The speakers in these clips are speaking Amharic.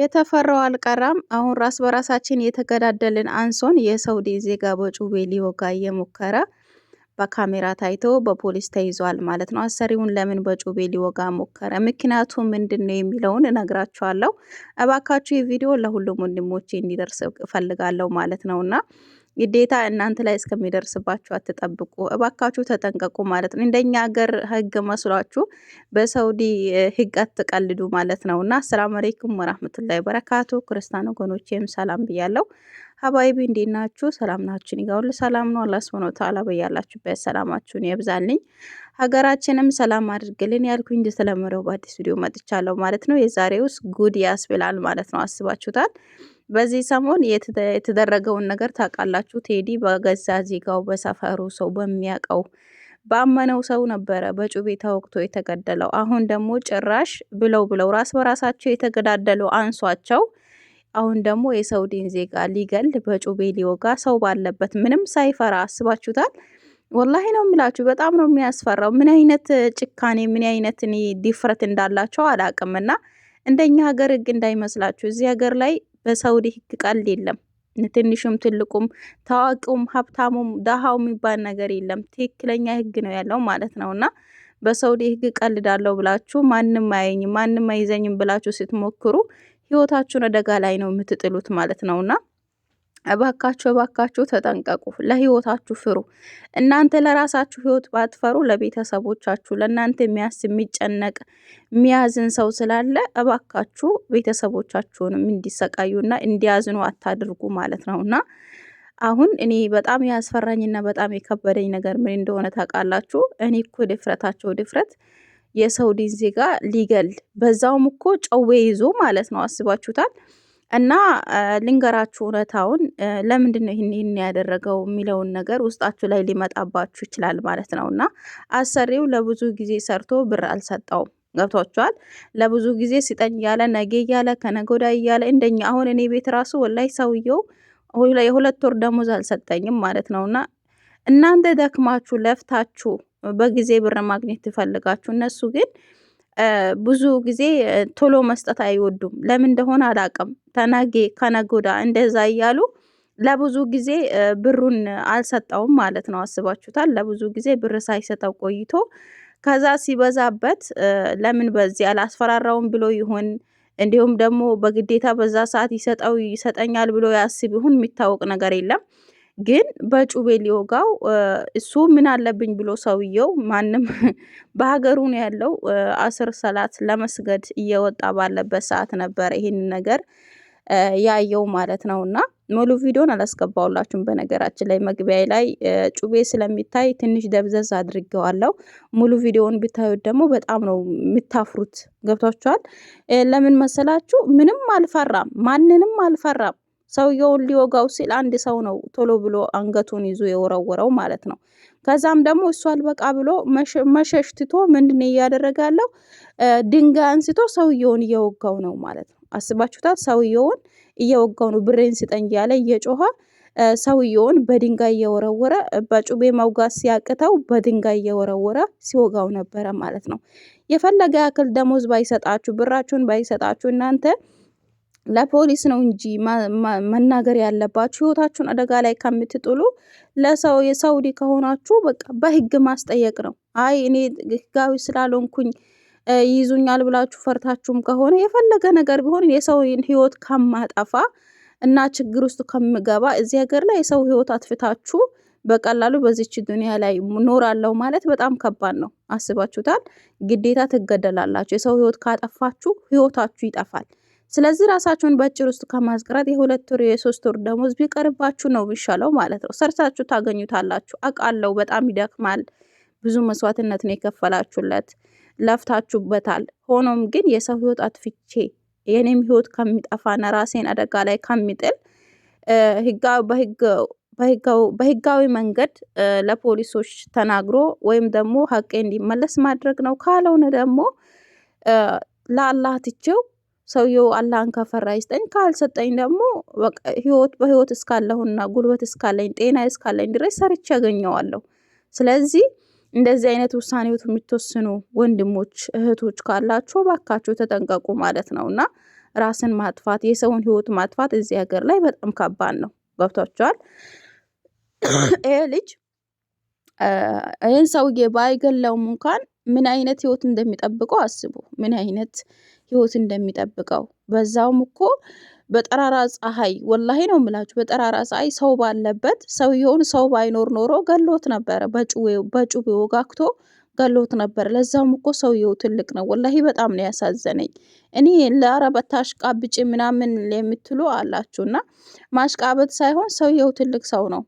የተፈራው አልቀረም። አሁን ራስ በራሳችን የተገዳደልን አንሶን የሰውዴ ዜጋ በጩቤ ሊወጋ እየሞከረ በካሜራ ታይቶ በፖሊስ ተይዟል ማለት ነው። አሰሪውን ለምን በጩቤ ሊወጋ ሞከረ? ምክንያቱ ምንድን ነው የሚለውን እነግራችኋለሁ። እባካችሁ የቪዲዮ ለሁሉም ወንድሞቼ እንዲደርስ እፈልጋለሁ ማለት ነውና ግዴታ እናንተ ላይ እስከሚደርስባችሁ አትጠብቁ፣ እባካችሁ ተጠንቀቁ ማለት ነው። እንደኛ ሀገር ህግ መስሏችሁ በሰውዲ ህግ አትቀልዱ ማለት ነው። እና አሰላም አለይኩም ወራህመቱላሂ በረካቱ ክርስቲያን ወገኖቼም ሰላም ብያለሁ። ሀባይቢ እንዴት ናችሁ? ሰላም ናችሁን? ይጋ ሰላም ነው። አላህ ሱብሓነሁ ወተዓላ በያላችሁበት ሰላማችሁን ያብዛልኝ፣ ሀገራችንም ሰላም አድርግልን ያልኩኝ እንደተለመደው በአዲስ ቪዲዮ መጥቻለሁ ማለት ነው። የዛሬውስ ጉድ ያስብላል ማለት ነው። አስባችሁታል በዚህ ሰሞን የተደረገውን ነገር ታውቃላችሁ። ቴዲ በገዛ ዜጋው በሰፈሩ ሰው በሚያውቀው ባመነው ሰው ነበረ በጩቤ ተወቅቶ የተገደለው። አሁን ደግሞ ጭራሽ ብለው ብለው ራስ በራሳቸው የተገዳደሉ አንሷቸው። አሁን ደግሞ የሰውዲን ዜጋ ሊገል በጩቤ ሊወጋ ሰው ባለበት ምንም ሳይፈራ አስባችሁታል? ወላሂ ነው የምላችሁ። በጣም ነው የሚያስፈራው። ምን አይነት ጭካኔ፣ ምን አይነት ዲፍረት እንዳላቸው አላቅምና እንደኛ ሀገር ህግ እንዳይመስላችሁ እዚህ ሀገር ላይ በሳውዲ ህግ ቀልድ የለም። ትንሹም ትልቁም ታዋቂውም ሀብታሙም ደሃው የሚባል ነገር የለም። ትክክለኛ ህግ ነው ያለው ማለት ነው። እና በሳውዲ ህግ ቀልዳለሁ ብላችሁ ማንም አያኝም ማንም አይዘኝም ብላችሁ ስትሞክሩ ህይወታችሁን አደጋ ላይ ነው የምትጥሉት ማለት ነውና እባካችሁ እባካችሁ ተጠንቀቁ፣ ለህይወታችሁ ፍሩ። እናንተ ለራሳችሁ ህይወት ባትፈሩ ለቤተሰቦቻችሁ፣ ለእናንተ የሚያስ የሚጨነቅ የሚያዝን ሰው ስላለ እባካችሁ ቤተሰቦቻችሁንም እንዲሰቃዩና እንዲያዝኑ አታድርጉ ማለት ነውና አሁን እኔ በጣም ያስፈራኝና በጣም የከበደኝ ነገር ምን እንደሆነ ታውቃላችሁ? እኔ እኮ ድፍረታቸው ድፍረት የሰው ዜጋ ሊገል በዛውም እኮ ጨዌ ይዞ ማለት ነው። አስባችሁታል? እና ልንገራችሁ እውነታውን ለምንድን ነው ይህን ይህን ያደረገው የሚለውን ነገር ውስጣችሁ ላይ ሊመጣባችሁ ይችላል ማለት ነው። እና አሰሪው ለብዙ ጊዜ ሰርቶ ብር አልሰጠውም። ገብቷቸዋል ለብዙ ጊዜ ሲጠኝ እያለ ነገ እያለ ከነጎዳ እያለ እንደኛ አሁን እኔ ቤት ራሱ ወላይ ሰውየው የሁለት ወር ደሞዝ አልሰጠኝም ማለት ነው። እና እናንተ ደክማችሁ ለፍታችሁ በጊዜ ብር ማግኘት ትፈልጋችሁ፣ እነሱ ግን ብዙ ጊዜ ቶሎ መስጠት አይወዱም። ለምን እንደሆነ አላውቅም። ተናጌ ከነጎዳ እንደዛ እያሉ ለብዙ ጊዜ ብሩን አልሰጠውም ማለት ነው። አስባችሁታል? ለብዙ ጊዜ ብር ሳይሰጠው ቆይቶ ከዛ ሲበዛበት ለምን በዚህ አላስፈራራውም ብሎ ይሆን እንዲሁም ደግሞ በግዴታ በዛ ሰዓት ይሰጠው ይሰጠኛል ብሎ ያስብ ይሁን የሚታወቅ ነገር የለም። ግን በጩቤ ሊወጋው እሱ ምን አለብኝ ብሎ ሰውየው ማንም በሀገሩ ነው ያለው። አስር ሰላት ለመስገድ እየወጣ ባለበት ሰዓት ነበረ ይህንን ነገር ያየው ማለት ነው። እና ሙሉ ቪዲዮን አላስገባውላችሁም። በነገራችን ላይ መግቢያ ላይ ጩቤ ስለሚታይ ትንሽ ደብዘዝ አድርገዋለሁ። ሙሉ ቪዲዮውን ብታዩት ደግሞ በጣም ነው የምታፍሩት። ገብቷችኋል? ለምን መሰላችሁ? ምንም አልፈራም፣ ማንንም አልፈራም። ሰውየውን ሊወጋው ሲል አንድ ሰው ነው ቶሎ ብሎ አንገቱን ይዞ የወረወረው ማለት ነው። ከዛም ደግሞ እሱ አልበቃ ብሎ መሸሽትቶ ምንድን እያደረገ ያለው ድንጋይ አንስቶ ሰውየውን እየወጋው ነው ማለት ነው። አስባችሁታል? ሰውየውን እየወጋው ነው። ብሬን ስጠኝ እያለ እየጮኸ ሰውየውን በድንጋይ እየወረወረ በጩቤ መውጋት ሲያቅተው በድንጋይ እየወረወረ ሲወጋው ነበረ ማለት ነው። የፈለገ ያክል ደሞዝ ባይሰጣችሁ፣ ብራችሁን ባይሰጣችሁ እናንተ ለፖሊስ ነው እንጂ መናገር ያለባችሁ። ህይወታችሁን አደጋ ላይ ከምትጥሉ ለሰው የሳውዲ ከሆናችሁ በቃ በህግ ማስጠየቅ ነው። አይ እኔ ህጋዊ ስላልሆንኩኝ ይይዙኛል ብላችሁ ፈርታችሁም ከሆነ የፈለገ ነገር ቢሆን የሰውን ህይወት ከማጠፋ እና ችግር ውስጥ ከምገባ እዚህ ሀገር ላይ የሰው ህይወት አትፍታችሁ በቀላሉ በዚች ዱኒያ ላይ ኖራለሁ ማለት በጣም ከባድ ነው። አስባችሁታል? ግዴታ ትገደላላችሁ። የሰው ህይወት ካጠፋችሁ ህይወታችሁ ይጠፋል። ስለዚህ ራሳችሁን በአጭር ውስጥ ከማስቀረት የሁለት ወር የሶስት ወር ደሞዝ ቢቀርባችሁ ነው የሚሻለው ማለት ነው። ሰርታችሁ ታገኙታላችሁ። አቃለው በጣም ይደክማል። ብዙ መስዋዕትነት ነው የከፈላችሁለት፣ ለፍታችሁበታል። ሆኖም ግን የሰው ህይወት አትፍቼ የኔም ህይወት ከሚጠፋና ራሴን አደጋ ላይ ከሚጥል በህጋዊ መንገድ ለፖሊሶች ተናግሮ ወይም ደግሞ ሀቄ እንዲመለስ ማድረግ ነው። ካልሆነ ደግሞ ለአላህ ትቼው ሰውየው አላህን ከፈራ ይስጠኝ፣ ካልሰጠኝ ደግሞ ህይወት በህይወት እስካለሁና ጉልበት እስካለኝ ጤና እስካለኝ ድረስ ሰርቼ ያገኘዋለሁ። ስለዚህ እንደዚህ አይነት ውሳኔዎች የሚወስኑ ወንድሞች እህቶች ካላችሁ ባካችሁ ተጠንቀቁ ማለት ነው እና ራስን ማጥፋት የሰውን ህይወት ማጥፋት እዚህ ሀገር ላይ በጣም ከባድ ነው። ገብቷቸዋል። ይሄ ልጅ ይህን ሰውዬ ባይገለውም እንኳን ምን አይነት ህይወት እንደሚጠብቀው አስቡ። ምን አይነት ህይወት እንደሚጠብቀው በዛውም እኮ በጠራራ ፀሐይ ወላሂ ነው የምላችሁ። በጠራራ ፀሐይ ሰው ባለበት ሰውየውን ሰው ባይኖር ኖሮ ገሎት ነበረ። በጩቤ ወጋግቶ ገሎት ነበር። ለዛውም እኮ ሰውየው ትልቅ ነው። ወላሂ በጣም ነው ያሳዘነኝ። እኔ ለአረበታ አሽቃብጭ ምናምን የምትሉ አላችሁና ማሽቃበት ሳይሆን ሰውየው ትልቅ ሰው ነው።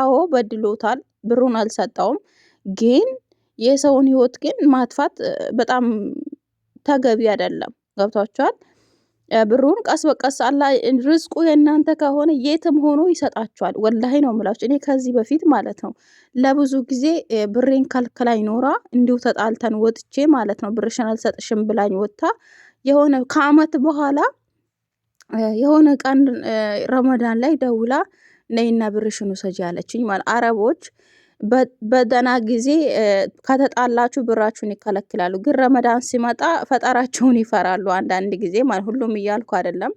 አዎ በድሎታል፣ ብሩን አልሰጠውም። ግን የሰውን ህይወት ግን ማጥፋት በጣም ተገቢ አይደለም። ገብቷችኋል። ብሩን ቀስ በቀስ አላ ርዝቁ የእናንተ ከሆነ የትም ሆኖ ይሰጣችኋል። ወላሂ ነው የምላችሁ። እኔ ከዚህ በፊት ማለት ነው ለብዙ ጊዜ ብሬን ከልክላኝ ኖራ እንዲሁ ተጣልተን ወጥቼ ማለት ነው ብርሽን አልሰጥሽም ብላኝ ወጥታ የሆነ ከአመት በኋላ የሆነ ቀን ረመዳን ላይ ደውላ ነይና ብርሽን ውሰጂ አለችኝ። ማለት አረቦች በደህና ጊዜ ከተጣላችሁ ብራችሁን ይከለክላሉ። ግን ረመዳን ሲመጣ ፈጠራቸውን ይፈራሉ። አንዳንድ ጊዜ ሁሉም እያልኩ አይደለም።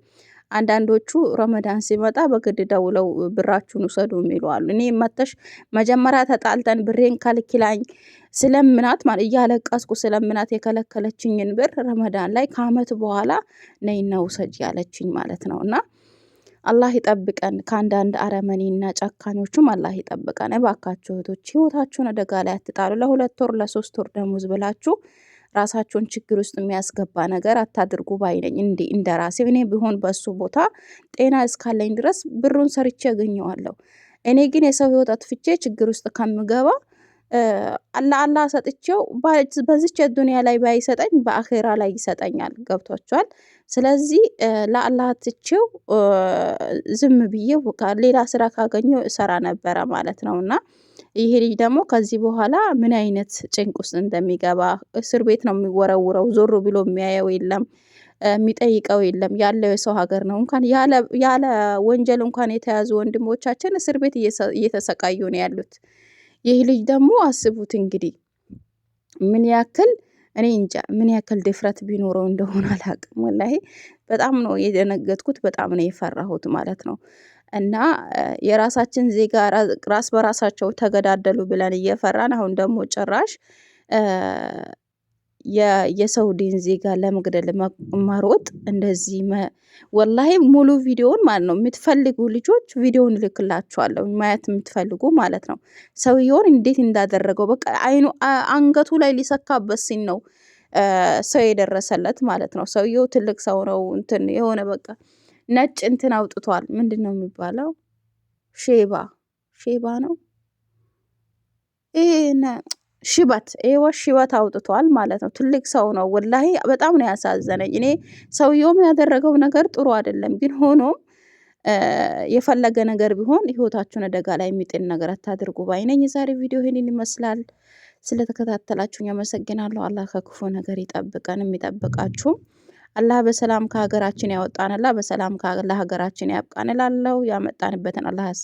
አንዳንዶቹ ረመዳን ሲመጣ በግድ ደውለው ብራችሁን ውሰዱ የሚሉ አሉ። እኔ መተሽ መጀመሪያ ተጣልተን ብሬን ከልኪላኝ ስለምናት ማለት እያለቀስኩ ስለምናት የከለከለችኝን ብር ረመዳን ላይ ከአመት በኋላ ነይና ውሰጅ ያለችኝ ማለት ነው እና አላህ ይጠብቀን ከአንዳንድ አረመኔና ጨካኞቹም አላህ ይጠብቀን። እባካችሁ እህቶች ህይወታችሁን አደጋ ላይ አትጣሉ። ለሁለት ወር ለሶስት ወር ደሞዝ ብላችሁ ራሳቸውን ችግር ውስጥ የሚያስገባ ነገር አታድርጉ ባይነኝ እንዲ እንደ ራሴ እኔ ቢሆን በሱ ቦታ ጤና እስካለኝ ድረስ ብሩን ሰርቼ ያገኘዋለሁ። እኔ ግን የሰው ህይወት አጥፍቼ ችግር ውስጥ ከምገባ ለአላህ ሰጥቼው በዚች ዱኒያ ላይ ባይሰጠኝ በአኼራ ላይ ይሰጠኛል። ገብቷችኋል? ስለዚህ ለአላህ ትቼው ዝም ብዬ ሌላ ስራ ካገኘው እሰራ ነበረ ማለት ነው እና ይሄ ልጅ ደግሞ ከዚህ በኋላ ምን አይነት ጭንቅ ውስጥ እንደሚገባ እስር ቤት ነው የሚወረውረው። ዞሮ ብሎ የሚያየው የለም፣ የሚጠይቀው የለም። ያለው የሰው ሀገር ነው። እንኳን ያለ ወንጀል እንኳን የተያዙ ወንድሞቻችን እስር ቤት እየተሰቃዩ ነው ያሉት። ይህ ልጅ ደግሞ አስቡት እንግዲህ ምን ያክል እኔ እንጃ ምን ያክል ድፍረት ቢኖረው እንደሆነ አላቅም። ወላሂ በጣም ነው የደነገጥኩት፣ በጣም ነው የፈራሁት ማለት ነው። እና የራሳችን ዜጋ ራስ በራሳቸው ተገዳደሉ ብለን እየፈራን አሁን ደግሞ ጭራሽ ዲን ዜጋ ለመግደል መሮጥ እንደዚህ ወላሂ ሙሉ ቪዲዮውን ማለት ነው የምትፈልጉ ልጆች ቪዲዮውን እልክላችኋለሁ። ማየት የምትፈልጉ ማለት ነው። ሰውየውን እንዴት እንዳደረገው በቃ አይኑ አንገቱ ላይ ሊሰካበት ሲል ነው ሰው የደረሰለት ማለት ነው። ሰውየው ትልቅ ሰው ነው። እንትን የሆነ በቃ ነጭ እንትን አውጥቷል። ምንድን ነው የሚባለው? ሼባ ሼባ ነው ይሄ ሽበት ይሄው ሽበት አውጥቷል ማለት ነው። ትልቅ ሰው ነው ወላሂ፣ በጣም ነው ያሳዘነኝ። እኔ ሰውየውም ያደረገው ነገር ጥሩ አይደለም፣ ግን ሆኖም የፈለገ ነገር ቢሆን ህይወታችሁን አደጋ ላይ የሚጥል ነገር አታድርጉ ባይነኝ። ነኝ። የዛሬ ቪዲዮ ይህንን ይመስላል። ስለተከታተላችሁ አመሰግናለሁ። አላህ ከክፉ ነገር ይጠብቀን፣ የሚጠብቃችሁም አላህ በሰላም ከሀገራችን ያወጣንላ በሰላም ለሀገራችን ያብቃን እላለሁ። ያመጣንበትን አላህ ያሳ